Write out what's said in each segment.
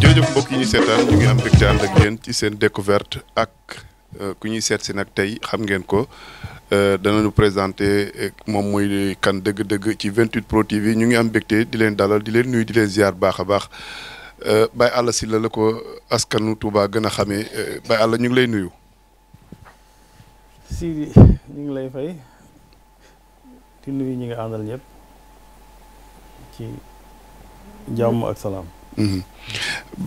jërëjëf mbokk yi ñu seetaan ñu ngi am mbégte ànd ak yéen ci seen découverte ak euh, ku ñuy seet si nag tey xam ngeen ko euh, danañu présenté euh, moom mooy kan dëgg-dëgg ci 28 Pro TV ñu ngi am mbégte di leen dalal di leen nuyu di leen ziar baax a baax Baye Alla si la la ko askanu Touba gën a xamee Baye Alla ñu ngi lay nuyu. Sidi ñu ngi lay fay di nuyu ñi nga àndal ñëpp. ci jàmm ak salaam. Mhm.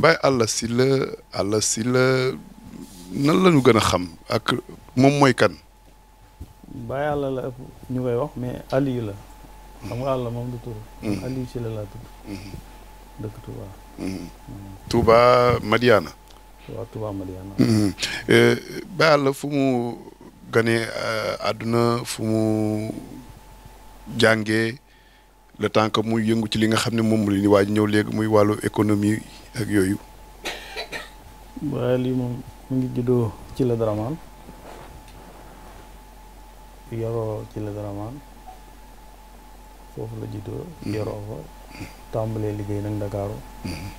Baye Alla Sylla Alla Sylla nan la ñu gën a xam ak moom mooy kan. Baye Alla la ëpp ñu koy wax mais Aliou la. xam nga Alla moom du tur. Mhm. Aliou Sylla laa tudd. Mhm. dëkk Touba. Touba Madiana. waaw Touba euh, Madiana. Baye Alla fu euh, àdduna fu mu jàngee. le temps que muy yëngu ci li nga xam ne moom la ñu waaj ñëw léegi muy wàllu économie ak yooyu. waaye lii moom mu ngi juddoo ci la Dramane yoroo ci la Dramane foofu la juddoo mm-hmm. yoroo fa tàmbalee liggéey nag Ndakaaru mm-hmm.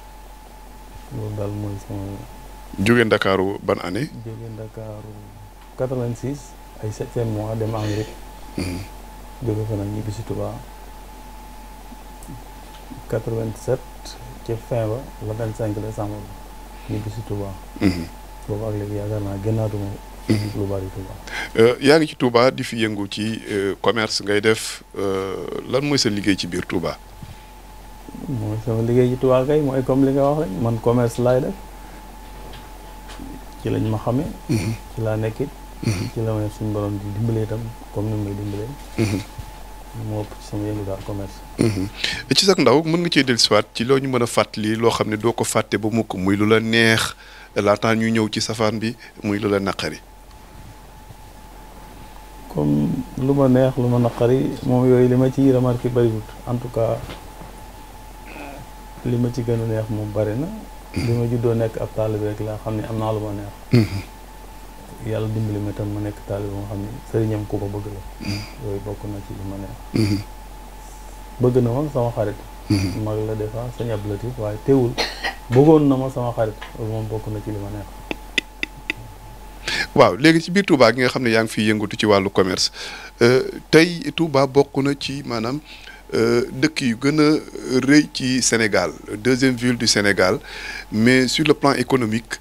loolu daal mooy sama. jóge Ndakaaru ban année. jóge Ndakaaru 86 ay septième mois dem Amérique. Mm-hmm. jóge fa nag ñibbi si Touba. 87 ci fin ba le 25 décembre ñu gis Touba. Mhm. boobu ak léegi yaakaar naa gënnaatuma mhm. lu bari Touba. Euh, yaa ngi ci Touba di fi yëngu ci euh, commerce ngay def euh, lan mooy sa liggéey ci biir Touba. mooy sama liggéey ci Touba kay mooy comme li nga wax rek man commerce laay def ci lañ ma xamee. Mhm. ci laa nekkit. ci la suñ suñu borom di dimbalee itam comme ni may dimbalee. moo ëpp ci sama yëngu daal commerce. Mhm. ci sax ndaw mën nga cee dellusiwaat ci loo ñu mën a fàttali loo xam ne doo ko fàtte ba mukk muy lu la neex laataa ñu ñëw ci safaan bi muy lu la naqari. comme lu ma neex lu ma naqari moom yooyu li ma ci ciy remarqué bariwut en tout cas li ma ci gën a neex moom bari na. Mhm. li ma juddoo nekk ab taalibe rek laa xam ne am naa lu ma neex. Mhm. yàlla dimbali ma tam ma nekk taalibe ba xam ne sëriñam ku ko bëgg la mm-hmm. yooyu bokk na ci li ma neex mm-hmm. bëgg na ma sama xarit mm-hmm. mag la des fois sañ waaye teewul bëggoon na ma sama xarit moom bokk na ci li ma neex waaw léegi ci biir Touba gi nga xam ne yaa ngi fi yëngatu ci wàllu commerce euh, tey Touba bokk na ci maanaam euh, dëkk yu gën a rëy ci Sénégal deuxième ville du Sénégal mais sur le plan économique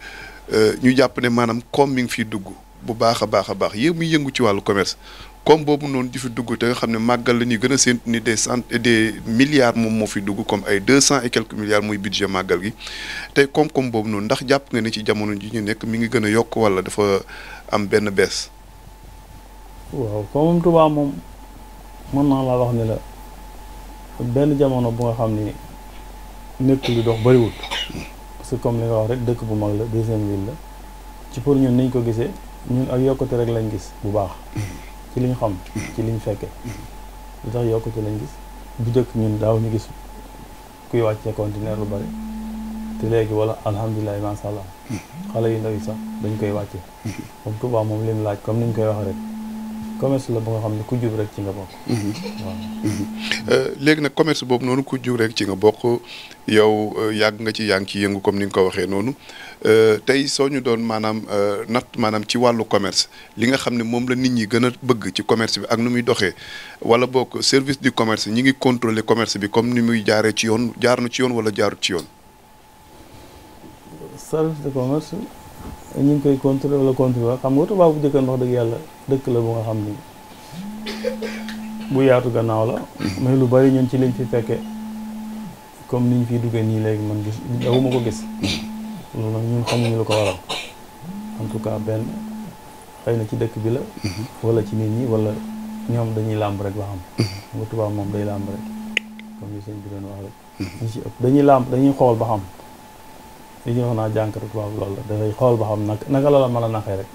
Euh, ñu jàpp ne maanaam koom mi ngi fiy dugg bu baax a baax a baax yéen mu yëngu ci wàllu commerce comme boobu noonu di fi dugg te nga xam ne màggal la ñuy gën a séntu ni des cent des milliards moom moo fi dugg comme ay deux cent et quelques milliards muy budget màggal gi tey koom-koom boobu noonu ndax jàpp nga ne ci jamono ji ñu nekk mu ngi gën a yokk walla dafa am benn bees. waaw comme Touba moom mën naa laa wax ni la benn jamono bu nga xam ni nekk li parce comme li nga wax rek dëkk bu mag la deuxième ville la ci pour ñun niñ ko gisee ñun ak yokkute rek lañ gis bu baax ci liñ xam ci liñ fekke lu tax yokkute lañ gis bu njëkk ñun daaw ñu gis kuy wàccee conteneur lu bari te léegi wala alhamdulilah macha allah xale yu ndaw yi sax dañ koy wàcce comme Touba moom lim laaj comme ni ñu koy wax rek commerce la ba nga xam ne ku jub rek ci mhm. Mhm. Euh, léegi nag commerce boobu noonu ku jub rek ci nga bokk yow euh, yàgg nga ci yaa ngi ciy yëngu comme ni nga ko waxee noonu euh, tey soo ñu doon maanaam natt maanaam ci wàllu commerce li nga xam ne moom la nit ñi gën a bëgg ci commerce bi ak nu muy doxee wala bokk service du commerce ñi ngi contrôler commerce bi comme ni muy jaaree ci yoon jaar na ci yoon wala jaarut ci yoon. service de commerce ñu ngi koy contrôler wala contrôler xam nga tubaab bu dëgg yàlla. dëkk la bu nga xam ni bu yaatu gannaaw la mais lu bari ñun ci liñ fi fekke comme niñ fi duggee nii léegi man gis ma ko gis loolu nag ñun xamuñu lu ko waral en tout cas benn xëy na ci dëkk bi la wala ci nit ñi wala ñoom dañuy làmb rek ba xam nga tubaab moom day làmb rek comme ni sëñ bi doon wax rek ëpp dañuy làmb dañuy xool ba xam li ñuy wax naa jànkatu tubaab loolu la dafay xool ba xam naka la la mën a naxee rek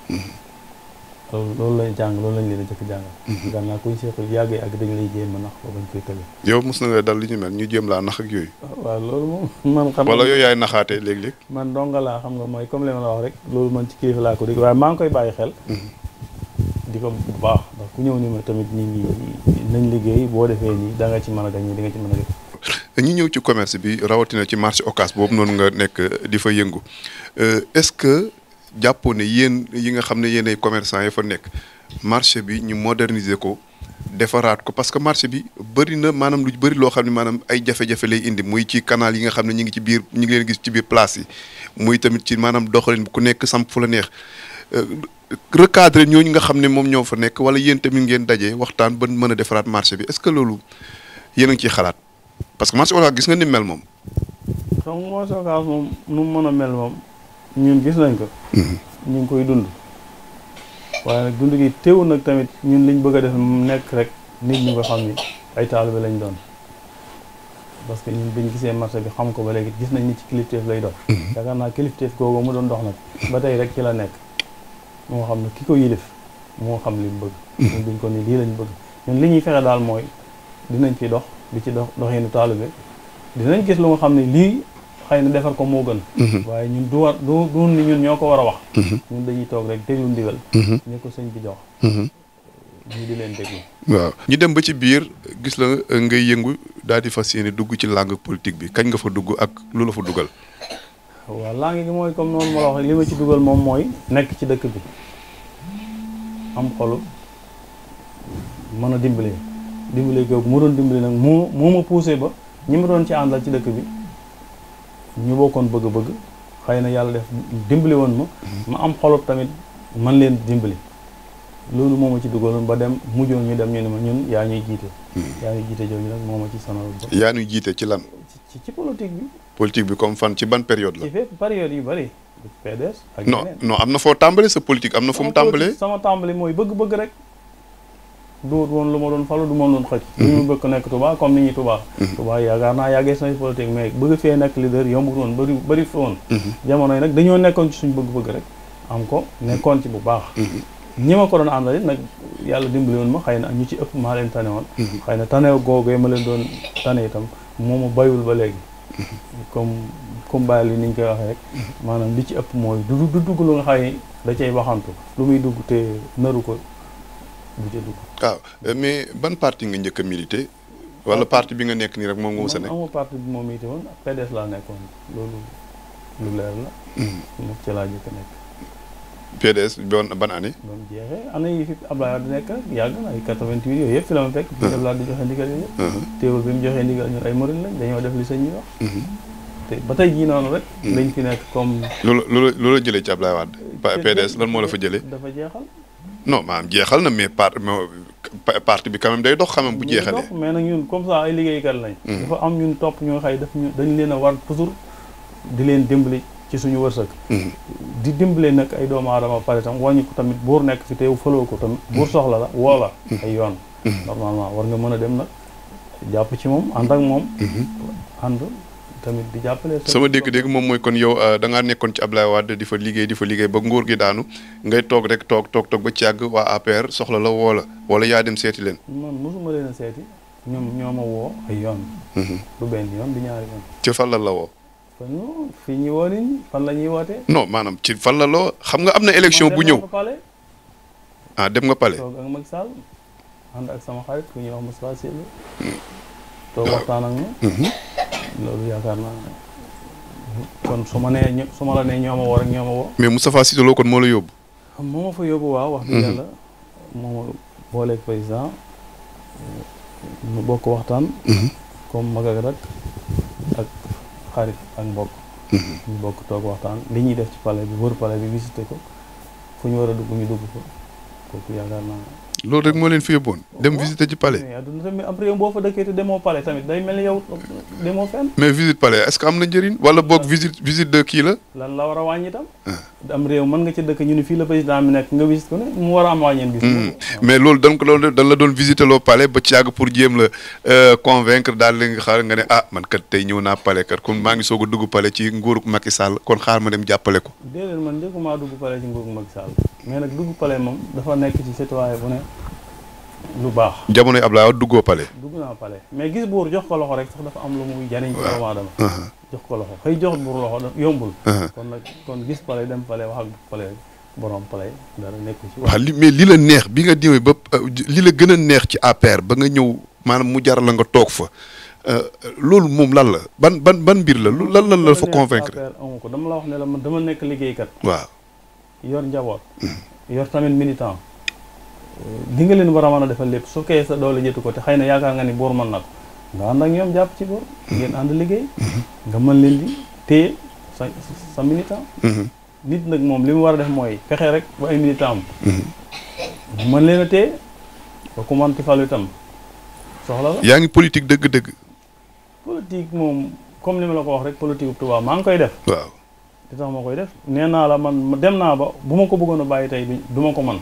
loolu loolu lañ jàng loolu lañ leen a jëkk jàngal gannaaw mhm. kuñ seexul yàggee ak dañ lay jéem a nax ba bañ koy tële yow mos na nga dal li ñu mel ñu jéem laa nax ak yooyu ah, waaw loolu moom man xam wala yooyu yaay naxaatee léeg-léeg man donga laa xam nga mooy comme li rek loolu man ci kilifa laa ko dégg maa ngi koy bàyyi xel mhm. di ko bu baax ndax ku ñëw ni tamit ñi ngi nañ liggéey boo defee nii da ci mën a gañ nga ci mën a def commerce bi rawatina ci marché occas boobu noonu nga nekk di fa yëngu euh, est-ce que jàppoo ne yi nga xam ne yéen ay commerçant yi fa nekk marché bi ñu moderniser ko defaraat ko parce que marché bi bëri na maanaam lu bëri loo xam ne maanaam ay jafe-jafe lay indi muy ci kanaal yi nga xam ne ñu ngi ci biir ñu ngi gis ci biir place yi tamit ci maanaam doxalin ku nekk samp fu la neex euh, recadrer ñooñu nga xam ne moom ñoo fa nekk wala yéen tamit ngeen daje waxtaan ba mën a defaraat marché bi est que loolu yéen a ciy xalaat parce que marché Ocass gis nga ni mel moom. donc moom nu a mel moom. ñun gis nañ ko. Mhm. ñu ngi koy dund. waaye nag dund gi teewul nag tamit ñun liñ bëgg a def nekk rek nit ñi nga xam ni ay taalibe lañ doon parce que ñun biñ gisee marché bi xam ko ba léegi gis nañ ni ci kilifteef lay dox. Mhm. yaakaar naa kilifteef googu mu doon dox nag. ba tey rek ci la nekk moo xam ne ki ko yilif moo xam li mu bëgg. Mhm. ñun duñ ko ni lii lañ bëgg ñun li ñuy fexe daal mooy dinañ ci dox di ci dox doxinu taalibe dinañ gis lu nga xam ne lii xay na defar ko moo gën mhm. waaye ñun du war du du ni ñun ñoo ko war a wax mhm. ñun dañuy toog rek déglu ndigal ñu mhm. ko sëñ bi jox ñu di leen déglu waaw ñu dem ba ci biir gis la euh, ngay yëngu daal di fas yéene dugg ci langue politique bi kañ nga fa dugg ak lu la fa dugal waaw langue gi mooy comme noonu ma la wax li ma ci dugal moom mooy nekk ci dëkk bi am xolu mën a dimbali dimbali googu mu doon dimbali nag moo moo ma poussé ba ñi ma doon ci àndal ci dëkk bi ñu bokkoon bëgg-bëgg xëy na yàlla def dimbali woon ma ma am xolub tamit man leen dimbali loolu moom ma ci dugaloon ba dem mujjoon ñu dem ñu ni ma ñun yaa ñuy jiite hmm. yaa ñuy jiite jooju nag moom ma ci sonal yaa ñuy jiite ci lan ci ci politique bi politique bi comme fan ci ban période la ci fépp yu bëri ak non non am na foo tàmbale sa politique am na fu mu tàmbalee sama tàmbale mooy bëgg-bëgg rek duut woon lu ma doon falu du ma doon xëcc li mhm. ñu bëgg nekk Touba comme ni ñuy Touba mhm. Touba yaakaar naa yàggee si nañ politique mais bëgg fee nekk leader yombut woon bëri bëri fi woon mhm. jamono yi nag dañoo nekkoon ci suñu bëgg-bëgg rek am ko nekkoon ci bu baax ñi ma ko doon àndal nag yàlla dimbali woon ma xay na ñu ci ëpp maa leen tane woon xëy na tane googee ma leen doon tane itam moo ma bayul ba léegi comme comme bàyyi li ni ñu koy waxee rek maanaam li ci ëpp mooy du dugg lu nga xëy da cay waxantu lu muy dugg te naru ko bu jënd ko. waaw mais ban parti nga njëkk a milité. wala parti bi nga nekk nii rek moom nga mos nekk. moom parti bi moom milité woon laa nekkoon loolu lu leer la. moom ca laa njëkk a nekk. PDS doon ban année. doon jeexee année yi fi nekk yàgg na ay 88 yooyu yëpp fi la ma fekk. bi Abdoulaye di joxe ndigal yooyu yëpp. Hmm. Hmm. bi mu joxee ndigal ñun ay morin lañ dañoo def li sëñ yi hmm. te ba tey jii noonu rek. lañ fi nekk comme. loolu loolu loolu jëlee ci Abdoulaye Wade. PDS lan moo la fa jëlee. dafa jeexal. non maanaam jeexal na mais part bi quand day dox xam bu jeexalee. mais nag ñun comme ça ay liggéeykat lañ. Mhm. dafa am ñun topp ñoo xay daf ñu dañ leen a war toujours di leen dimbali ci suñu wërsëg. Mhm. di dimbali nag ay doomu aadama pare tam wàññi ko tamit buur nekk fi teew fëloo ko tamit. Mhm. buur soxla la woo la. ay yoon. normalement war nga mën a dem nag jàpp ci moom ànd ak moom. ànd. tamit di jàppale. sama dégg-dégg moom mooy kon yow euh, danga nekkoon ci Ablaye Wade di fa liggéey di fa ba nguur gi daanu ngay toog rek toog toog toog ba ci àgg waa APR soxla la woola wala yaa dem seeti leen. man mosuma leen a seeti ñoom ñoo ma woo ay yoon. Mhm. ci fan la woo. fii la ñuy wootee. maanaam ci fan la xam nga am na élection bu ñëw ah, dem nga pale toog ak sama xarit ku ñuy wax Moustapha Sylla mm. loolu yaakaar naa kon su ma nee su ma la nee ñoo ma woo rek ñoo woo. mais Moustapha Cissé Lo kon moo la yóbbu. Ah, moo ma fa yóbbu waaw wax dëgg mhm. yàlla. moo ma booleeg président euh, ñu bokk waxtaan. Mhm. comme mag ak rak ak xarit ak mbokk. Mhm. ñu bokk toog waxtaan li ñuy def ci pale bi wër pale bi visité ko fu ñu war a dugg ñu dugg ko kooku yaakaar naa. loolu rek moo leen fi yóbboon dem visiter ci palais. mais après yow boo fa dëkkee tamit day mel ni yow demoo mais visite palais est-ce que am na njëriñ. wala boog visite visite de kii la. lan la war a wàññi tam. Ah. am réew mën nga ci dëkk ñu ni fii la président bi nekk nga visite ko hmm. mais loolu dañ ko doon la doon visiter loo palais ba ci yàgg pour jéem la euh, convaincre daal li xaar nga ne ah man kat tey ñëw naa palais kat kon maa ngi soog a dugg pale ci nguurug Macky Sall kon xaar ma dem jàppale ko. déedéet man njëkkumaa dugg palais ci nguurug Macky Sall mais dugg palais nekk ci citoyen bu ne lu baax jamonoy Abdoulaye Wade duggoo Palais. dugg naa Palais mais gis buur jox ko loxo rek sax dafa am lu muy jariñ ci doomu aadama uh-huh. jox ko loxo xëy jox buur loxo yombul. Uh-huh. kon nag kon gis Palais dem Palais wax ak Palais borom Palais dara nekku ci. waaw li mais li la neex bi nga ñëwee ba euh, li la gën a neex ci APR ba nga ñëw maanaam mu jar la nga toog fa euh, loolu moom lan la ban ban ban mbir la lan lan la fa convaincre. amu ko dama la wax ne la man dama nekk liggéeykat. waaw yor njaboot. Mm-hmm. yor tamit militant. di nga leen war a mën a defal lépp su kee sa doole jëtu ko te xëy na yaakaar nga ni boor mën na ko nga ànd ñoom jàpp ci boor mhm. ngeen ànd liggéey mhm. nga mën leen di téye sa sa militant mhm. nit nag moom li mu war a def mooy fexe rek ba ay militant am mën leen a téye ba ku mën ci falu itam soxla la yaa ngi politique dëgg-dëgg politique moom comme li ma la ko wax rek politique tubaab maa ngi koy def waaw di tax ma koy def nee naa la man dem naa ba bu ma ko bëggoon a bàyyi tey du ma ko man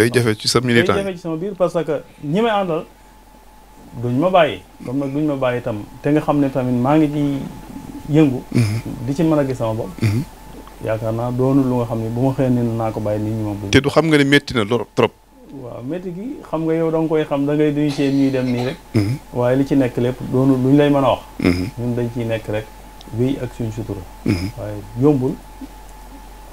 day jafe ci sa militant day jafe que ñi may àndal duñ ma bàyyi comme nag duñ ma bàyyi tam te nga xam ne tamit maa ngi ci yëngu mhm. di ci mën a gis sama bopp mhm. yaakaar naa doonu lu nga xam ne bu ma xëyee ne naa ko bàyyi nit ñi moom te du xam nga ne métti na lool trop waaw métti gi xam nga yow da koy xam da ngay duñu seen ñuy dem nii rek mhm. waaye li ci nekk lépp doonul luñ lay mën a wax ñun dañ ciy nekk rek wéy ak suñ sutura waaye yombul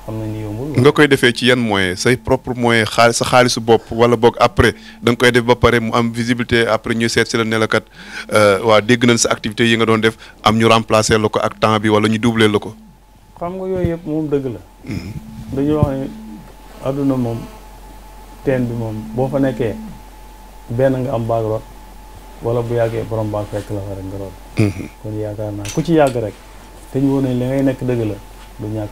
xam na ni yombul. nga koy defee ci yan moyens sa propre moyens xaalis sa xaalisu bopp wala boog après danga koy def ba pare mu am visibilité après ñu seet si la ne la kat euh, waa dégg nañ sa activité yi nga doon def am ñu remplacer la ko ak temps bi wala ñu doubler la ko. xam nga yooyu yëpp moom dëgg la. Mhm. dañuy wax ne adduna moom teen bi moom boo fa nekkee benn nga am baag rot wala bu yàggee borom baag fekk la fa rek nga rot. Mhm. kon yaakaar naa ku ci yàgg rek te ñu woon li ngay nekk dëgg la. du ñàkk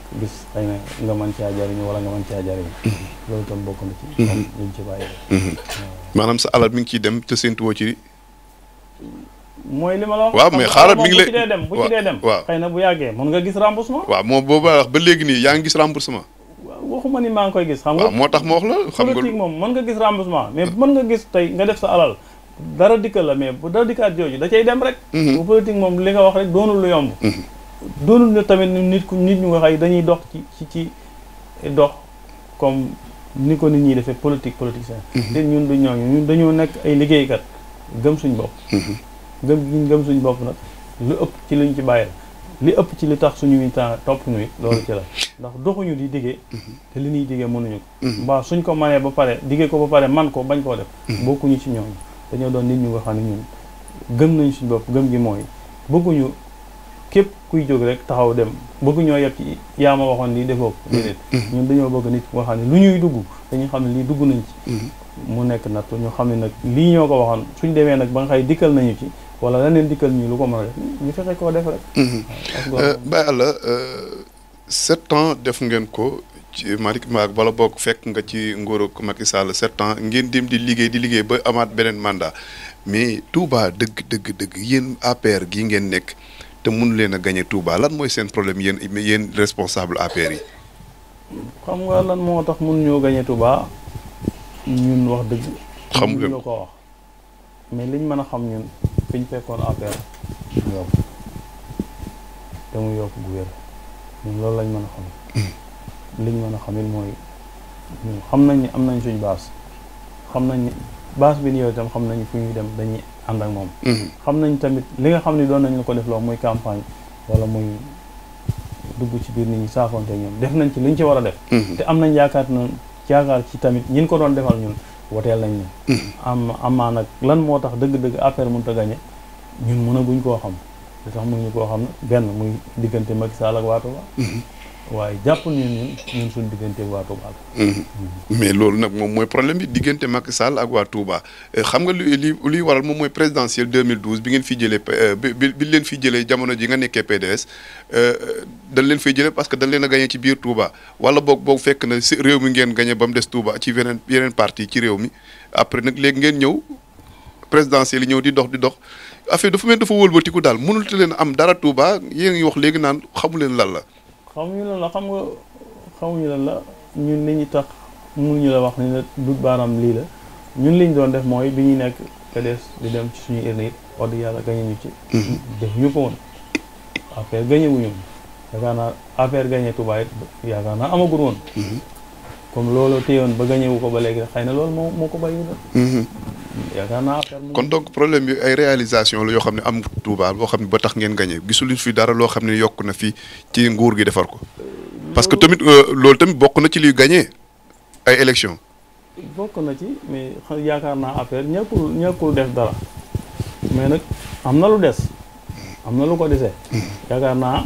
xëy na nga mën caa jariñu wala nga mën caa jariñu mm-hmm. loolu tam bokk na ci luñ mm-hmm. ci mm-hmm. euh, maanaam sa alal mi ngi ciy dem te séentuwoo ci mooy li ma waaw mais xaaral mi ngi lay bu ci dee dem bu ci dee dem waaw xëy na bu yàggee mën nga gis remboursement waaw moom boobu wax ba léegi nii yaa ngi gis remboursement waxuma ni maa ngi koy gis xam moo tax ma wax la xam nga politique moom mën nga gis remboursement mais mën nga gis tey nga def sa alal dara dikkal la mais bu dara dikkaat jooju da cay dem rek bu politique moom li nga wax rek doonu lu yomb doonul ne tamit nit ku nit ñu nga xay dañuy dox ci ci ci dox comme ni ko nit ñi defee politique politicien mhm. te ñun du ñooñu ñun dañoo nekk ay liggéeykat gëm suñ bopp mhm. gëm gëm suñ bopp nag lu ëpp ci liñ ci bàyyil li ëpp ci li tax suñuy temps topp ñuy ci la ndax doxuñu di diggee mhm. li ñuy diggee mënuñu ko mbaa suñ ko manee ba pare diggee ko ba pare man bañ koo def bokkuñu ci ñooñu dañoo doon nit ñu nga xam ne ñun gëm nañ suñ bopp gëm gi mooy bëgguñu képp kuy jóg rek taxaw dem bëgg ñoo yeb ci ma waxoon lii defoo ko mm-hmm. Mm-hmm. ñun dañoo bëgg nit koo xam ne lu ñuy dugg dañuy xam ne lii dugg nañ ci mm-hmm. mu nekk natt ñu xam ne nag lii ñoo ko waxoon suñ demee nag ba nga xay dikkal nañu ci wala leneen dikkal ñu lu ko mën a def ñu fexe koo def rek Baye Alla euh, def ngeen ko ci Malick Mbaye bala bokk fekk nga ci nguuru Macky Sall sept ans ngeen dem di liggéey di liggéey ba amaat beneen mandat mais Touba dëgg dëgg dëgg yéen APR gii ngeen nekk te mun leen a gañe Touba lan mooy seen problème yéen yéen responsable APR yi. xam nga lan moo tax mun ñoo gañe Touba ñun wax dëgg. xam nga la ko wax mais liñ mën a xam ñun fi ñu fekkoon APR mu yokk te mu loolu lañ mën a xam. Hmm. liñ mën a xam mooy xam nañ ni am nañ suñu baas xam nañ baas bi ni yow itam xam nañ fu ñuy dem dañuy. ànd ak moom. Mm-hmm. xam nañ tamit li nga xam ne doon nañu la ko def loo muy campagne wala muy dugg ci biir nit ñi saafonte ñoom def nañ ci liñ ci war a def. Mm-hmm. te am nañ yaakaar na yaakaar ci tamit ñin ko doon defal ñun woteel nañ ñu. Mm-hmm. am amaa nag lan moo tax dëgg-dëgg affaire mënut a gañe ñun mënaguñ koo xam li tax mënuñu koo xam benn muy diggante Macky Sall ak waa Touba waaye jàpp nañu ne ñun suñu diggante waa Touba mhm. mais loolu nag moom mooy problème bi diggante Macky Sall ak waa Touba euh, xam nga li li liy waral moom mooy présidentielle 2012 bi ngeen fi jëlee euh, bi bi leen fi jëlee jamono ji nga nekkee PDS euh, dañ leen fay jëlee parce que dañ leen a ci biir Touba wala boog boog fekk na si réew mi ngeen gagné ba mu des Touba ci yeneen yeneen parti ci réew mi après nag léegi ngeen ñëw présidentielle yi ñëw di dox di dox affaire dafa mel dafa wëlbatiku daal mënul te leen am dara Touba yéen ngi wax léegi naan xamu leen lan la. xamuñu lan la xam nga xamuñu lan la ñun li ñu tax mu ñu la wax ni la dut baaraam lii la ñun liñ doon def mooy bi ñuy nekk PDS di dem ci suñu urne it wax dëgg yàlla gañe ci mm-hmm. def ñu ko woon affaire gañe wuñu yaakaar naa affaire gañe Touba it yaakaar naa amagul woon mm-hmm. comme loolu téyoon ba gañewu ko ba léegi xëy na lool moo moo ko bàyyi yaakaar naa kon donc problème yi ay réalisation la yoo xam ne am Touba boo xam ne ba tax ngeen gagné gisuñu fi dara loo xam ne yokk na fi ci nguur gi defar ko. Euh, parce que tamit euh, loolu tamit bokk na ci liy gagné ay élection bokk na ci mais yaakaar naa affaire ñëkkul ñëkkul def dara mais nag am na lu des am na lu ko desee yaakaar naa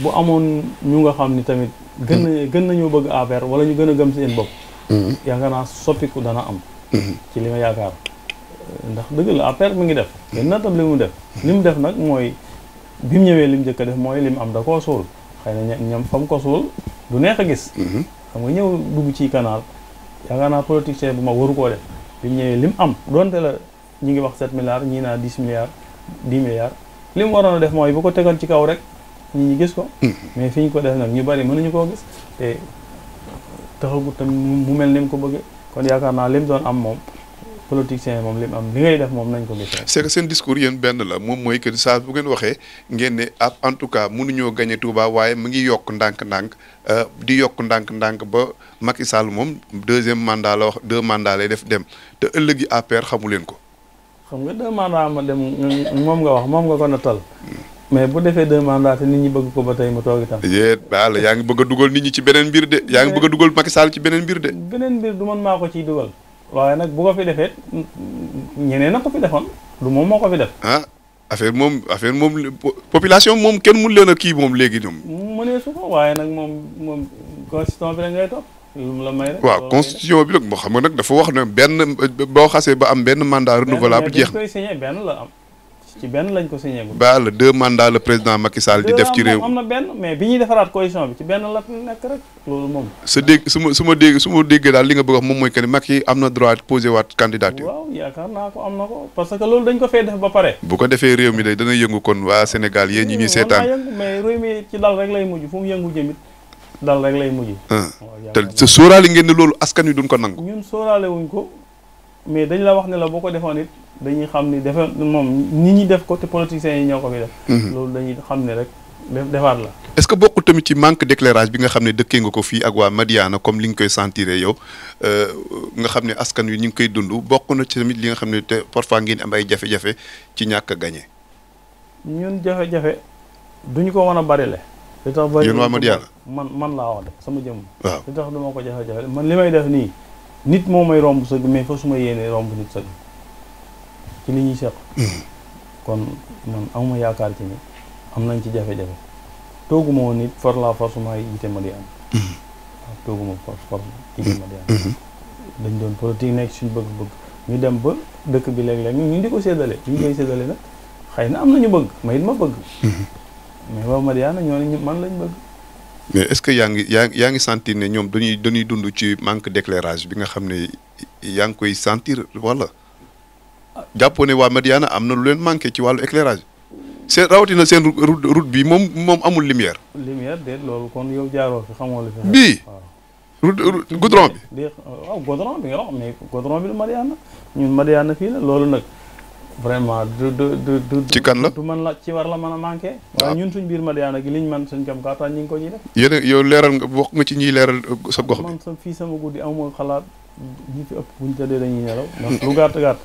bu amoon ñu nga xam ni tamit gën nañu gën nañoo bëgg affaire wala ñu gën a gëm seen bokk mm-hmm. yaakaar naa soppiku dana am ci li ma yaakaar ndax dëgg la affaire mi ngi def len nattab li mu def li mu def nag mooy bi mu ñëwee li mu njëkk a def mooy li mu am da koo suul xëy na ñam ko suul du neex a gis mhm. xam nga ñëw dugg ci canal yaakaar naa politicien bu ma waru koo def ñëwee li mu am donte la ñu ngi wax 7 milliards ñii naa 10 milliards 10 milliards li mu waroon a def mooy bu ko tegal ci kaw rek ñi ñi gis ko mhm. mais fi ñu ko def nag ñu bari mënuñu koo gis te taxagu tam mu mel ni mu ko bëggee kon yaakaar naa lim doon am moom politicien moom lim am li ngay def moom nañ ko gis c'est que seen discours yéen benn la moom mooy que saa bu ngeen waxee ngeen ne ah en tout cas mënuñoo gagné Touba waaye mu ngi yokk ndànk-ndànk euh, di yokk ndànk-ndànk ba Macky Sall moom deuxième manda la wax deux mandaa lay def dem te ëllëgi APR xamu leen ko. xam nga deux mandats ma dem moom nga wax moom nga ko tal mais bu defee deux mandats te nit ñi bëgg ko ba tey mu toog itam. yéen baal yaa ngi bëgg a dugal nit ñi ci beneen mbir de. yaa ngi bëgg a dugal Macky Sall ci beneen mbir de. beneen mbir du man maa ko ciy dugal. waaye nag bu ko fi defee ñeneen na ko fi moom moo ko def. ah affaire moom affaire moom population moom kenn mun leen a kii moom léegi ñoom. mënee su waaye nag moom moom constitution bi rek ngay topp. waaw constitution bi nag moo xam nga nag dafa wax ne benn boo xasee ba am benn mandat renouvelable jeex. benn la am. ci benn lañ ko signé. ba la deux mandats le président Macky Sall di def ci réew mais bi ñuy defaraat coalition bi ci benn la nekk rek loolu moom. sa dégg su ma su ma dégg su ma déggee daal li nga bëgg wax moom mooy que ni Macky am na droit posé waat candidature. waaw yaakaar na ko parce que loolu dañ ko fee def ba pare. bu ko defee réew mi day dana yëngu kon waa Sénégal yéen ñi ñuy seetaan mais réew mi ci dal rek lay mujj fu mu yëngu jëmit dal rek lay mujj. Ah. te sóoraale ngeen ne loolu askan wi duñ ko nangu. ñun sóoraale wuñ ko. mais dañu la wax ne la boo ko defoon it dañuy xam ni defe moom nit ñi def ko te politiciens yi ñoo ko fi def. Mhm. loolu dañuy xam ne rek defaat la. est-ce que bokkul tamit ci manque d'éclairage bi nga xam ne dëkkee nga ko fii ak waa Madiana comme li nga koy sentiré yow euh, nga xam ne askan wi ñu ngi koy dund bokk na ci tamit li nga xam ne te parfois ngeen am ay jafe-jafe ci ñàkk a gañe ñun jafe-jafe ñu ko mën a barile. li tax yéen waa Madiana man man laa wax de sama jëmm. waaw li tax duma ko jafe-jafe man li may def nii. nit moo may romb sëgg mais fa su ma yéenee romb nit sëgg ci li ñuy seq hmm. kon man amuma yaakaar ci ni am nañ ci jafe-jafe tooguma woon nit for la force maa ma di am hmm. waaw tooguma force force yite ma di hmm. dañ doon politique nekk suñ bëgg-bëgg ñu dem ba dëkk bi léeg-léeg ñu ñu di ko séddale ñu koy séddale nag xëy na am nañu bëgg ma it ma bëgg mais waaw Madiana ñoo ne man lañ bëgg mais est-ce que yaa ngi yaa yaa ngi sentir ne ñoom dañuy dañuy dund ci manque d'éclairage bi nga xam ne yaa ngi koy sentir wala jàppoo ne waa Madiyana am na lu leen manqué ci wàllu éclairage seen rawatina seen route bi moom amul lumière. lumière déet loolu kon yow jaaroo fi xamoo la fi. bii route goudron bi. waaw goudron bi nga wax mais goudron ñun Madiyana fii la loolu nag. vraiment du du du du. ci kan la du man la ci war la man a manqué. waaw ah. waaye ñun suñ biir Madiyana gi liñ man suñ kam kàttan ñu ngi ko ñuy def. yéen yow leeral nga wax nga ci ñiy leeral uh, sa gox bi. man fii sama guddi amuma xalaat ñi fi ëpp buñ tëddee dañuy nelaw. ndax lu gàtt gàtt.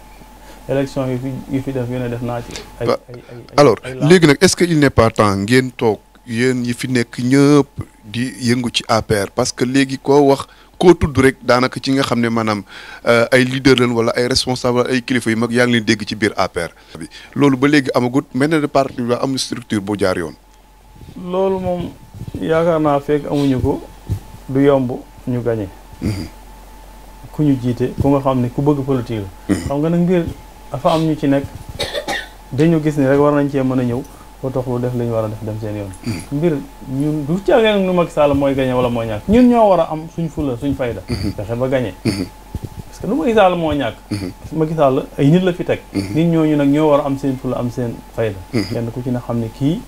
élection yi fi yi fi def yéen def naa ci. alors léegi nag est-ce que il n'est pas temps ngeen toog yéen yi fi nekk ñëpp di yëngu ci APR parce que léegi koo wax. koo tudd rek daanaka ci nga xam ne maanaam euh, ay leader lañ wala ay responsable ay kilifa yu mag yaa ngi leen dégg ci biir APR. bi loolu ba léegi amagut mel na ne parti bi amul structure bu jaar yoon. loolu moom yaakaar naa fekk amuñu ko du yomb ñu gañe mhm. ku ñu jiite ku nga xam ne ku bëgg politique la. Mhm. xam nga nag mbir dafa am ñu ci nekk dañu gis ni rek war nañ cee mën a ñëw. ko tax lu def li ñu war a def dem seen yoon. Hmm. mbir ñun du ca ngeen nu Macky Sall mooy gagné wala moo ñàkk ñun ñoo war a am suñ fula suñ fayda. Hmm. fexe ba gagné. Hmm. parce que ma Macky Sall moo ñàkk. Macky Sall ay nit la fi teg. nit ñooñu nag ñoo war a am seen fula am seen fayda. kenn ku ci ne xam ne kii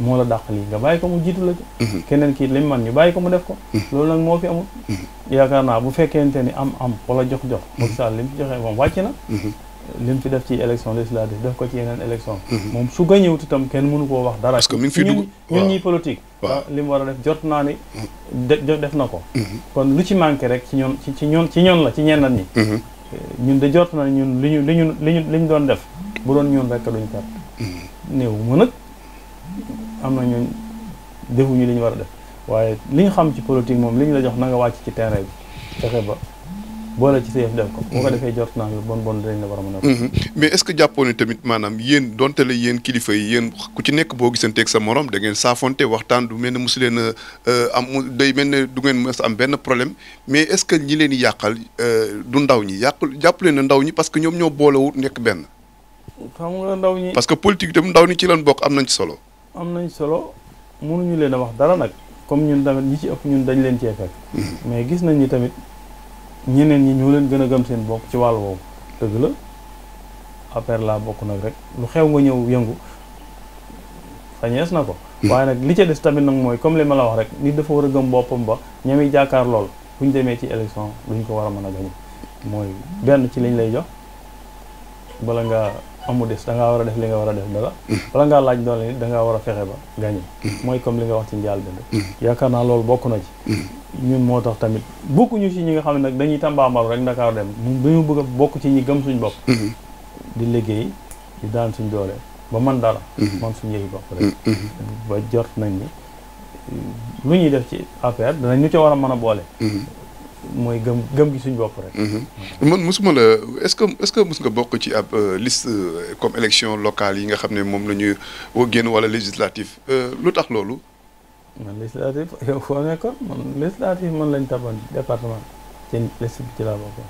moo la dàq lii nga bàyyi ko mu jiitu la ci. keneen kii li man ñu bàyyi ko mu def ko. loolu nag moo fi amul. yaakaar naa bu fekkente ni am am wala jox jox. Macky Sall li mu joxe moom wàcc na. li fi def ci élection législative def ko ci yeneen élection mhm. moom su gañee wut itam kenn mënu koo wax dara. parce que mi ngi fi dugg ñun ñuy politique. Ah, li mu war a def jot naa ni. Mhm. def na ko. Mhm. kon lu ci manqué rek ci ñoon ci ci ñoon ci ñoon la ci ñenn ñi. Eh, ñun de jot na ñun li ñu li ñu li ñu doon def bu doon ñun rek duñ perte. néew mu nag am na ñun defuñu li ñu war a def waaye li xam ci politique moom li ñu la jox na wàcc ci terrain bi fexe ba. boole ci sa yëf def ko. boo ko mm-hmm. defee jot naa yu bon bon dinañ mm-hmm. mais est ce ne tamit maanaam yéen donte la yéen kilifa yi yéen ku ci nekk boo gisanteeg sa morom da ngeen saafonte waxtaan du mel ne mosu a euh, am day mel du ngeen mos am benn problème mais est ce que ñi leen di yàqal euh, du ndaw ñi yàqu jàpp leen ndaw ñi parce que ñoom ñoo boolewut nekk benn. xam nga ndaw ñi. parce que politique itam ndaw ñi ci lan bokk am na ci solo. am nañ solo mënuñu leen a wax dara nag comme ñun tamit ñi ci ëpp ñun dañ leen cee fekk. Mm-hmm. mais gis nañ ni tamit ñeneen ñi ñoo leen gën a gëm seen bokk ci wàll woowu dëgg la affaire laa bokk nag rek lu xew nga ñëw yëngu sañees na ko hmm. waaye nag li ca des tamit nag mooy comme li ma la wax rek nit dafa war a gëm boppam ba ñami jàkkaar lool bu ñu demee ci élection duñ ko war a mën a gañ mooy benn ci lañ lay jox bala nga amu des da ngaa war a def li nga war a def dala hmm. bala ngaa laaj doole nit da ngaa war a fexe ba gañe hmm. mooy comme li nga wax ci njaal benn yaakaar naa loolu bokk na ci ñun moo tax tamit bokkuñu ci ñi nga xam ne nag dañuy tambaambalu rek Ndakaaru dem dañu bëgg a bokk ci ñi gëm suñ bopp mm-hmm. di liggéey di daan suñ doolee ba man dara mm-hmm. man suñ yëgi bopp rek mm-hmm. ba jot nañ ni lu ñuy def ci affaire danañ ñu ca war a mën a boole mooy gëm gëm gi suñ bopp rek. man mosuma la est-ce que que mos nga bokk ci ab euh, liste euh, comme élection locale yi nga xam ne moom la ñuy génn wala législative euh, lu tax loolu man législatif yow foo nekkoon man législatif man lañ taboon département ci liste bi ci laa bokkoon.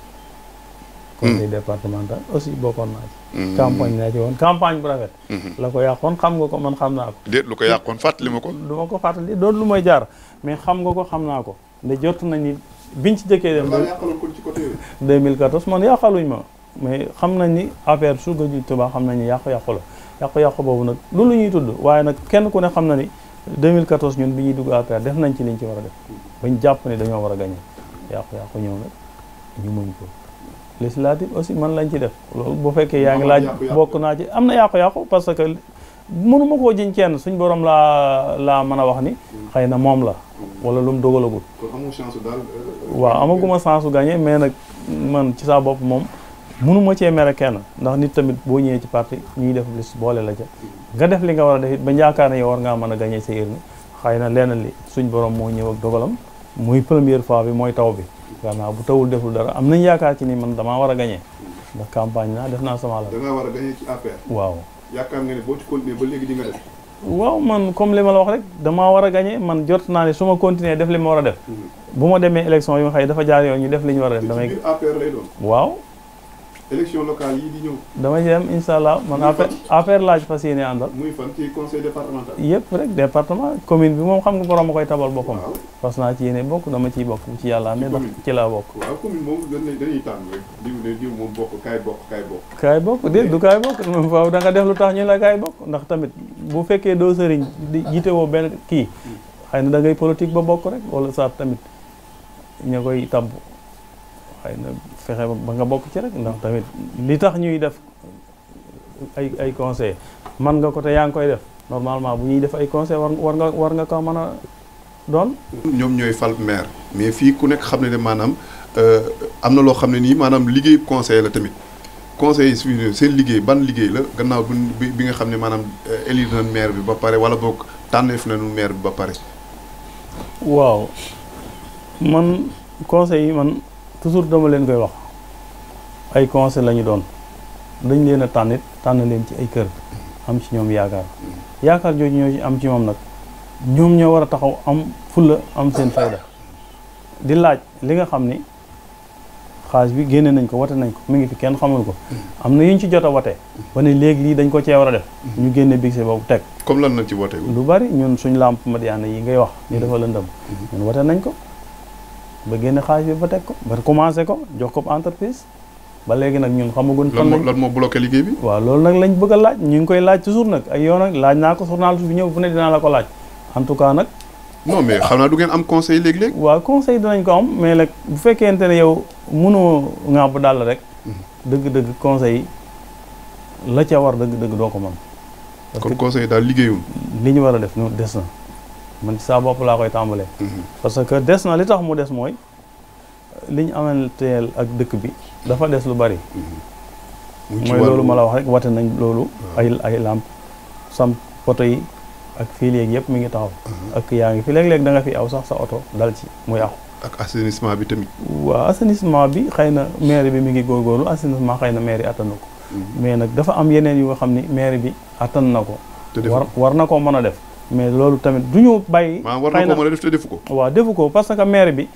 Hmm. conseil départemental aussi bokkoon naa ci. Hmm. campagne naa ci woon campagne bu rafet. Hmm. la ko yàqoon xam nga ko man xam naa ko. déet lu ko yàqoon fàttali ma ko. du ma ko fàttali doon lu may jaar mais xam nga ko xam naa ko nda jot nañu biñ ci jëkkee dem. waaw yàqaloon ko ci côté 2014 man yàqaluñ ma mais xam nañ ni affaire su gëju Tuubaa xam nañ ni yàqu-yàqu la yàqu-yàqu boobu nag du lu ñuy tudd waaye nag kenn ku ne xam na ni. 2014 ñun bi ñuy dugg APR def nañ ci liñ ci war a def bañ jàpp ne dañoo war a gañe yàqu-yàqu ñëw na ñu muñ ko législative aussi man lañ ci def loolu bu fekkee yaa ngi laa bokk naa ci am na yàqu-yàqu parce que mënuma koo jiñ kenn suñ borom laa laa mën a wax ni xëy na moom la wala lu mu dogalagul euh, waaw amaguma chance su gagné mais nag man ci saa bopp moom mënuma cee mere kenn ndax nit tamit boo ñëwee ci parti ñuy def liste boole la ca nga def li nga war a def it ba yaakaar na yow war ngaa mën a gagné sa urne xëy na lenn li suñ borom moo ñëw ak dogalam muy première fois bi mooy taw bi gannaaw bu tawul deful dara am nañ yaakaar ci ni man damaa war a gagné ndax def naa sama da nga war a gagné waaw yaakaar nga ne boo ci continuer di nga man comme li ma la rek damaa war a gagné man jot naa ne suma ma continuer def li ma war a def mhm. bu ma demee élection yi ma dafa jaar yoon ñu def li ñu war a def damay waaw élection locale di ñëw. dama ci dem incha allah man affaire affaire laaj fas yéene àndal. muy fan rek département commune bi moom xam nga borom a koy tabal boppam. waaw fas naa ci yéene bokk dama ciy bokk ci yàlla amee ndax ci laa bokk. waaw commune kaay bokk kaay du kaay bokk moom da nga def lu tax ñu la kaay bokk ndax tamit bu fekkee doo sëriñ di jiite woo benn kii xay na da ngay politique ba bokk rek wala saa tamit ña koy tabbu. xëy na fexe ba nga bokk ci rek ndax tamit li tax ñuy def ay ay conseil man nga ko te yaa ngi koy def normalement bu ñuy def ay conseil war nga war nga ko man a doon. ñoom ñooy fal maire mais fii ku nekk xam ne ne maanaam euh, am na loo xam ne nii maanaam liggéey conseil la tamit conseil suñu seen liggéey ban liggéey la gannaaw bi bi nga xam ne maanaam euh, élire nañ maire bi ba pare wala boog tànneef nañu maire bi ba pare. waaw man conseil yi man. toujours dama leen koy wax ay conseil lañu doon dañ leen a tànnit tànn leen ci ay kër am ci ñoom yaakaar yaakaar jooju ñoo ci am ci moom nag ñoom ñoo war a taxaw am fulla am seen fayda di laaj li nga xam ni xaalis bi génne nañ ko wate nañ ko mu ngi fi kenn xamul ko am na yuñ ci jot a wate ba ne léegi lii dañ ko cee war a def ñu génne big bigse boobu teg comme lan nañ ci wate lu bari ñun suñ làmp madiyaana yi ngay wax ñu dafa lëndëm ñun wate nañ ko ba génn xaalis bi ba teg ko ba commencé ko jox ko entreprise ba léegi nag ñun xamaguñ. fan lañ lan moo bloqué liggéey bi. waaw loolu nag lañ bëgg a laaj ñu ngi koy laaj toujours nag ak yow nag laaj naa ko journaliste bi ñëw fu ne dinaa la ko laaj en tout cas nag. non mais xam naa du ngeen am conseil léeg-léeg. waa conseil dinañ ko am mais nag bu fekkente ne yow mënoo ŋàbb dàll rek. dëgg-dëgg conseil la ca war dëgg-dëgg doo ko mën. parce que kon conseil daal liggéeyul. li ñu war a def ñun des na. man ci saa bopp laa koy tàmbalee. Mhm. parce que des na li tax mu des mooy li ñu amanteel ak dëkk bi dafa des lu bari. Mhm. mooy loolu ma la wax rek wate nañ loolu. ay ay làmp sam poto yi ak fii léegi yëpp mi ngi taxaw. Mhm. ak yaa ngi fi lekk léeg da nga fi aw sax sa oto dal ci mu yàqu. ak assainissement bi tamit. waaw assainissement bi xëy na maire bi mi ngi góorgóorlu assainissement xëy na maire yi ko. mais nag dafa am yeneen yu nga xam ni maire bi attan na ko. war war na koo mën a def. mais loolu tamit du ñu bàyyi. maa na ko mën a def defu ko. waaw defu ko parce que maire bi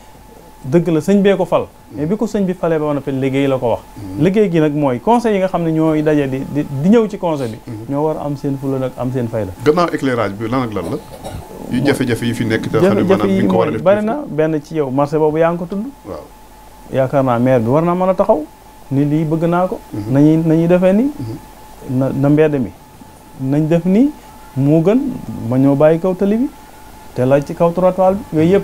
dëgg la sëñ bee ko fal. mais bi ko sëñ bi falee ba noppi liggéey la ko wax. liggéey gi nag mooy conseil yi nga xam ne ñooy daje di di ñëw ci conseil bi. ñoo war am seen fula nag am seen fayda. gannaaw éclairage bi lan ak lan la. yi jafe-jafe yi fi nekk te xam ne maanaam mi ngi ko war a def bari na benn ci yow marché boobu yaa ngi ko tudd. yaakaar naa maire bi war naa mën a taxaw ni lii bëgg naa ko. Mhm. nañuy nañuy defee nii. Mhm. na na mbedd mi nañ def nii moo gën ma ñëw bàyyi kaw tali bi te la ci kaw trottoir bi yooyu yëpp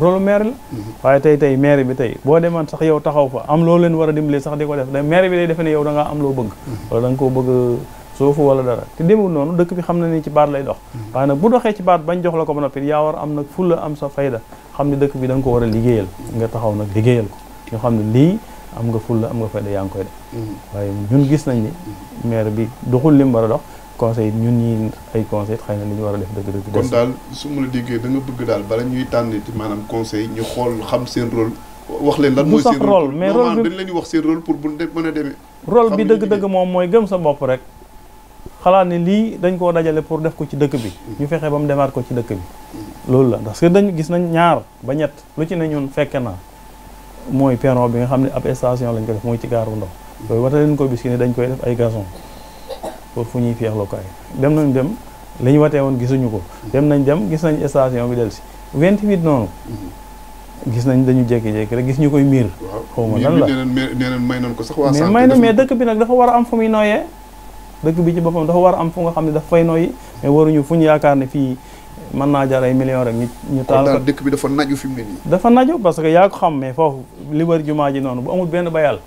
rôle maire la mhm. waaye tey tey maire bi tey boo demaan sax yow taxaw fa am loo leen war a dimbalee sax di ko def da maire bi day defe yow da ngaa am loo bëgg mhm. wala da nga koo bëgg wala dara te demul noonu dëkk bi xam na ni ci baat lay dox mhm. waaye nag bu doxee ci baat bañ jox la ko ba noppi yaa war am nag fulla am sa fayda xam ne dëkk bi da ko war a liggéeyal nga taxaw nag liggéeyal ko ñoo xam ne lii am nga fulla am nga fayda yaa ngi koy def waaye gis nañ ni maire bi doxul lim war a dox conseil ñun ñi ay conseil xay na li ñu war a def dëgg-dëgg. kon daal su ma la déggee da nga bëgg daal bala ñuy tànn maanaam conseil ñu xool xam seen rôle. wax leen lan mooy mais rôle bi dañ leen wax seen rôle pour bu mën a demee. rôle bi dëgg-dëgg moom mooy gëm sa bopp rek. xalaat ne lii dañ koo dajale pour def ko ci dëkk bi. Mm-hmm. ñu fexe ba mu demaat ko ci dëkk bi. Mm-hmm. loolu la parce que dañ gis nañ ñaar ba ñett lu ci ne ñun fekke naa mooy perron bi nga xam ne ab station lañ ko def mooy ci gaaru ndox. Mm-hmm. loolu wata leen ko bis ne dañ koy def ay gazon pour fu ñuy féexlu kaay dem nañu dem li ñu watee woon gisuñu ko dem nañ dem gis nañ station bi del si 28 noonu gis nañ dañu jékki-jékki rek gis ñu koy miir xaw ma la may nañ ko sax waa mais mais dëkk bi nag dafa war am fu muy nooyee dëkk bi ci boppam dafa war a am fu nga xam ne dafa fay nooyi mais waruñu fu ñu yaakaar ne fii mën naa jar ay millions rek ñu ñu taal ko dëkk bi dafa naju fi mu ne dafa naju parce que yaa ko xam mais foofu li wër jumaa ji noonu bu amul benn bayal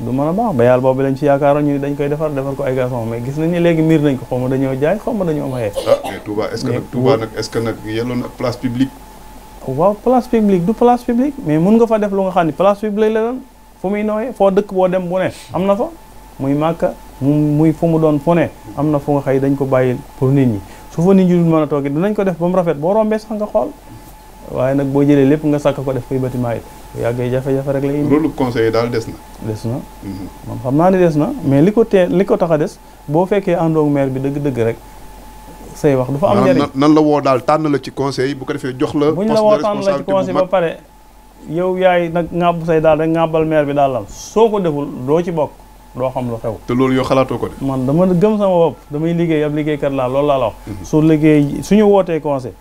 du mën a baax ba yàlla boobu lañ ci yaakaaroon ñu ni dañ koy defar defar ko ay garçon mais gis nañ ne léegi miir nañ ko xaw ma dañoo jaay xaw ma dañoo maye. ah mais Touba est-ce nag Touba nag est-ce nag mais mun nga fa def lu xam ne place publique la doon muy nooyee foo dëkk boo dem bu am na fa muy màkka mu muy fu mu doon fu ne am na fu nga xëy dañ ko bàyyi pour nit ñi su fa nit ñi dul mën a toogee dinañ ko def ba mu rafet boo rombee sax nga xool waaye nag boo jëlee lépp nga sàkk ko def koy bâtiment yi bu yàggee jafe-jafe rek la indi. loolu conseil daal des na. des na mhm. man xam naa ne des na mais li ko tee li ko tax a des boo fekkee àndoog maire bi dëgg-dëgg rek say wax. du fa am njëriñ nan la woo daal tànn la ci conseil bu ko defee jox la. bu ñu la woo tànn la ci conseil ba pare yow yaay nag ŋàbb say daal rek ŋàbbal meer bi daal soo ko deful doo ci bokk. doo xam lu xew. te loolu yoo xalaatoo ko de. man dama gëm sama bopp damay liggéey ab liggéeykat laa loolu laa la wax. Mhm. su suñu wootee conseil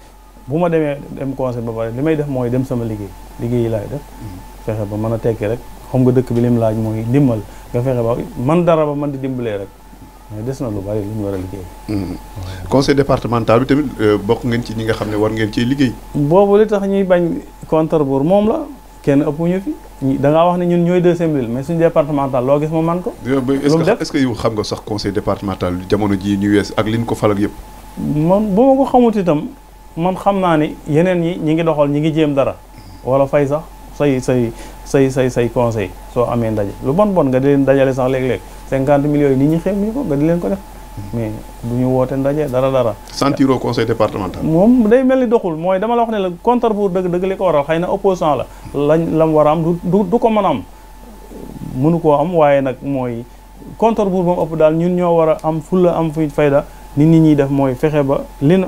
bu ma demee dem conseil ba pare li may def mooy dem sama liggéey liggéey yi laay def hmm. fexe ba mën a tekki rek xam nga dëkk bi lim laaj mooy ndimbal nga fexe ba man dara ba man di dimbalee rek des na lu bari lu ñu war a liggéey hmm. conseil départemental bi tamit euh, bokk ngeen ci ñi nga xam ne war ngeen ci liggéey boobu li tax ñuy bañ Contrebourg moom la kenn ëpp ñu fi da ngaa wax ne ñun ñooy deuxième ville mais suñu départemental loo gis ma man ko est-ce que ma ko xamut itam man xam naa ni yeneen yi ñu ngi doxal ñu ngi jéem dara wala fay sax say say say say say conseil soo amee ndaje lu bon bon nga di leen dajale sax léeg-léeg cinquante millions yi nit ñi xew ñu ko nga di leen ko def mais du ñu woote ndaje dara dara. sentiroo conseil départemental. moom day mel ni doxul mooy dama la wax ne la contre pour dëgg dëgg li ko waral xëy na opposant la. lañ la mu war a am du du ko mën am. mënu koo am waaye nag mooy contre pour ba mu ëpp daal ñun ñoo war a am fulla am fu fayda. ni nit ñuy def mooy fexe ba li nu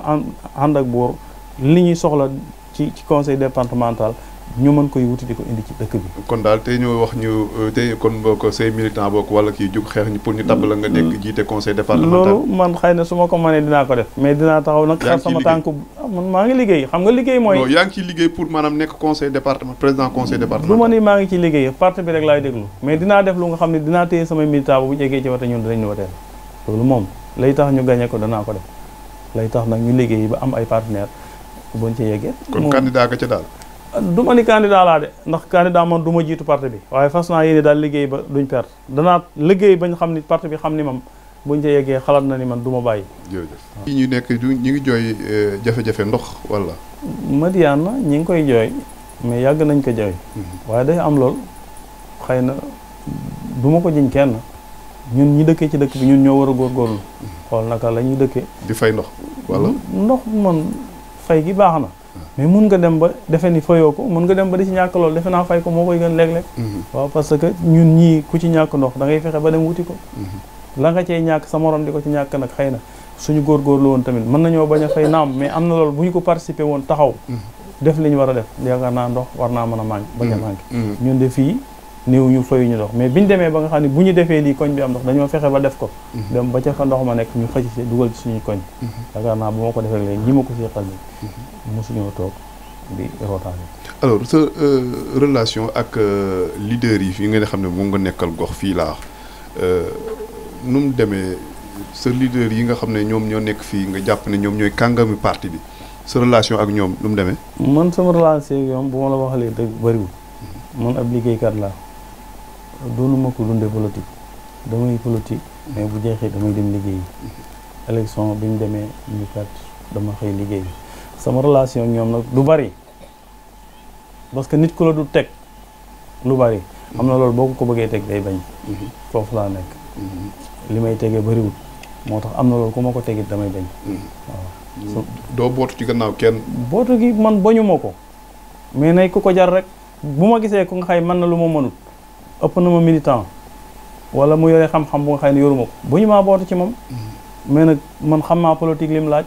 ànd ak buur li ñuy soxla ci ci conseil départemental ñu mën koy wuti di ko indi ci dëkk bi. kon daal tey ñu wax ñu tey kon boo ko say militant boo ko wala kii jug xeex ñu pour ñu tabb la nga nekk mm. jiite conseil départemental. loolu na su ma ko mënee dinaa ko def. mais dinaa taxaw ah, maa ngi liggéey xam nga liggéey mooy. non yaa ngi ciy liggéey pour maanaam nekk mm. maa ngi ciy liggéey parti bi rek laay déglu mais dinaa def lu nga xam ne dinaa téye samay militant bu ñu ci wate ñun dinañu loolu moom lay tax ñu gañee ko danaa ko def lay tax nag ñu liggéey ba am ay partenaire buñ ci yeggee. kon candidat nga ca daal. du ma ni candidat laa de ndax candidat man du ma jiitu parti bi waaye fas naa yéene daal liggéey ba duñ danaa liggéey bañ xam ni parti bi xam ni moom buñ ca yeggee xalaat na ni man duma bàyyi. jërëjëf ñi ñu nekk ñu ngi jooy euh, jafe-jafe ndox wala. Madiyana ñi ngi koy jooy mais yàgg nañ ko jooy. Mhm. waaye day am lool xëy na duma ko jiñ kenn. ñun ñi dëkkee ci dëkk bi ñun ñoo war a góorgóorlu xool naka la ñuy dëkkee. di fay ndox wala. ndox man fay gi baax na. mais mun nga dem ba defe ni fayoo ko mun nga dem ba di ci ñàkk lool defe naa fay ko moo koy gën léeg-léeg. Mhm. parce que ñun ñii ku ci ñàkk ndox da ngay fexe ba dem wuti ko. Mhm. la nga ñàkk sa morom di ko ci ñàkk nag xëy na suñu góorgóorlu woon tamit mën nañoo bañ a fay naam mais am na lool bu ñu ko participer woon taxaw. Mhm. def li ñu war a def yaakaar naa ndox war naa mën a manqué. bañ a manqué ñun de fii néew ñu fayu ñu ndox mais bi ñu demee ba nga xam ne bu ñu defee lii koñ bi am ndox dañoo fexe ba def ko mhm. dem ba ca fa ndox ma nekk ñu xëcc ci dugal ci suñuy koñ mhm. yaakaar naa bu ko defee léegi ñi ma ko seqal ni mhm. mosuñoo toog di rootaan alors sa euh, relation ak euh, leader yi fii nga xam ne moom nga nekkal gox fii laa euh, nu mu demee sa leader yi nga xam ne ñoom ñoo nekk fii nga jàpp ne ñoom ñooy kàngami parti bi sa relation ak ñoom nu mu demee man sama relation ak ñoom bu ma la waxalee dëgg bëriwul man ab liggéeykat laa doonuma ko dundee politique damay politique mais bu jeexee damay dem liggéey mm-hmm. élection bi ñu demee ñu kat dama xëy liggéey sama relation ñoom nag du bari parce que nit ku la du teg lu bari am na loolu boo ko ko bëggee teg day bañ mm-hmm. foofu laa nekk mm-hmm. li may tegee bariwul moo tax am na loolu ku ma ko tegit damay bañ waaw doo bootu ci gannaaw kenn bootu gi man bañuma ko mais nay ku ko jar rek bu ma gisee ku nga xay mën na lu ma mënut ëpp na ma militant wala mu yore xam-xam bu nga xëy ne yoruma ko bu ñu maa bootu ci moom mais nag man xam naa politique li mu laaj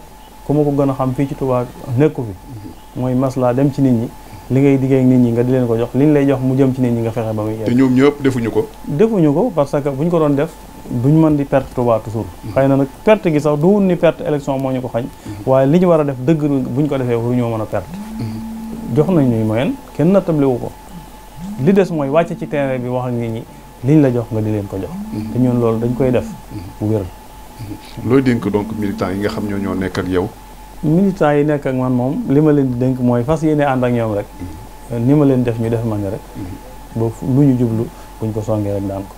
ku ma ko gën a xam fii ci Tuubaa nekku fi mooy maslaa dem ci nit ñi li ngay diggee nit ñi nga di leen ko jox liñ lay jox mu jëm ci nit ñi nga fexe ba muy te ñoom ñëpp defuñu ko defuñu ko parce que bu ñu ko doon def duñ mën di perte Tuubaa toujours xëy na nag perte gi sax duwun ni perte élection moo ñu ko xañ waaye li ñu war a def dëgg buñ ko defee ñoo mën a perte mm-hmm. jox nañ ñuy moyen kenn nattable wu ko li des mooy wàcce ci terrain bi wax ak nit ñi liñ la jox nga di leen ko jox. Mhm. te ñun loolu dañ koy def. bu mhm. wér. Mhm. looy dénk donc militant yi nga xam ñoo ñoo nekk ak yow. militant yi nekk ak man moom li ma leen di dénk mooy fas yéene ànd ak ñoom rek. ni ma leen def ñu def man rek. ba lu ñu jublu kuñ ko songee rek daan ko.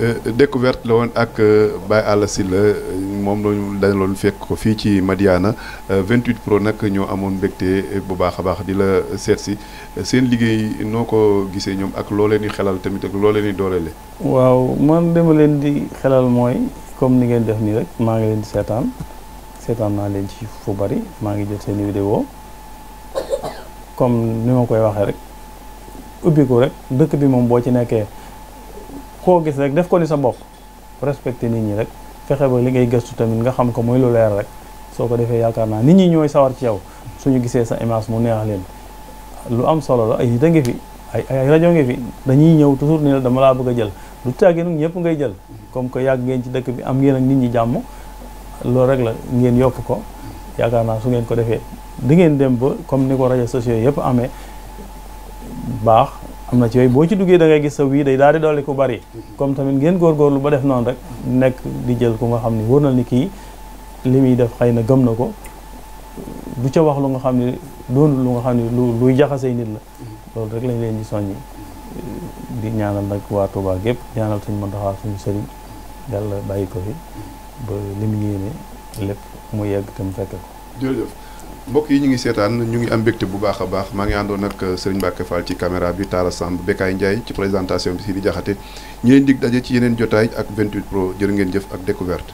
Euh, découverte la woon ak euh, Baye Alla euh, la moom lañu dañ loolu fekk ko fii ci Madiana 28 pro nag ñoo amoon mbégte bu baax a baax di la seet si seen liggéey noo ko gisee ñoom ak loo leen di xelal tamit ak loo leen di dooleele waaw man dama leen di xelal mooy comme ni ngeen def nii rek maa ngi leen di seetaan seetaan naa leen ci fu bari maa ngi jot seen vidéo comme ni ma koy waxee rek ubbi ko rek dëkk bi moom boo ci nekkee koo gis rek def ko ni sa bopp respecté nit ñi rek fexe ba li ngay gëstu tamit nga xam ko mooy lu leer rek soo ko defee yaakaar naa nit ñi ñooy sawar ci yow suñu gisee sa image mu neex leen lu am solo la ay nit ay rajo ngi dañuy ñëw toujours ni la dama laa bëgg a jël lu tàggee nag ñëpp ngay jël comme que yàgg ngeen ci dëkk bi am ngeen nit ñi jàmm loolu rek la ngeen yokk ko yaakaar naa su ngeen ko defee di ngeen dem ba comme ni ko rajo sociaux yëpp amee baax am boo ci duggee da gis sa wii day daal di dolli ku bari comme tamit ngeen góorgóorlu ba def noonu rek nekk di jël ku nga xam ni wóor na ni kii li muy def xëy na gëm na ko du ca wax lu nga xam ne doonul lu nga xam ne lu luy jaxasee nit la loolu rek lañ leen di soññi di ñaanal nag waa Touba gépp ñaanal suñ Muntaxa suñu sëriñ yàlla bàyyi ko fi ba li mu yéene lépp mu yegg te mu fekke ko bokk yi ñu ngi seetaan ñu ngi am mbégte bu baax a baax maa ngi àndoon nag euh, Serigne Mbacke Fall ci caméra bi Tara Samb Bekaay Ndiaye ci présentation bi si Diakhaté ñu leen dig daje ci yeneen jotaay ak 28 pro jërë ngeen jëf ak découverte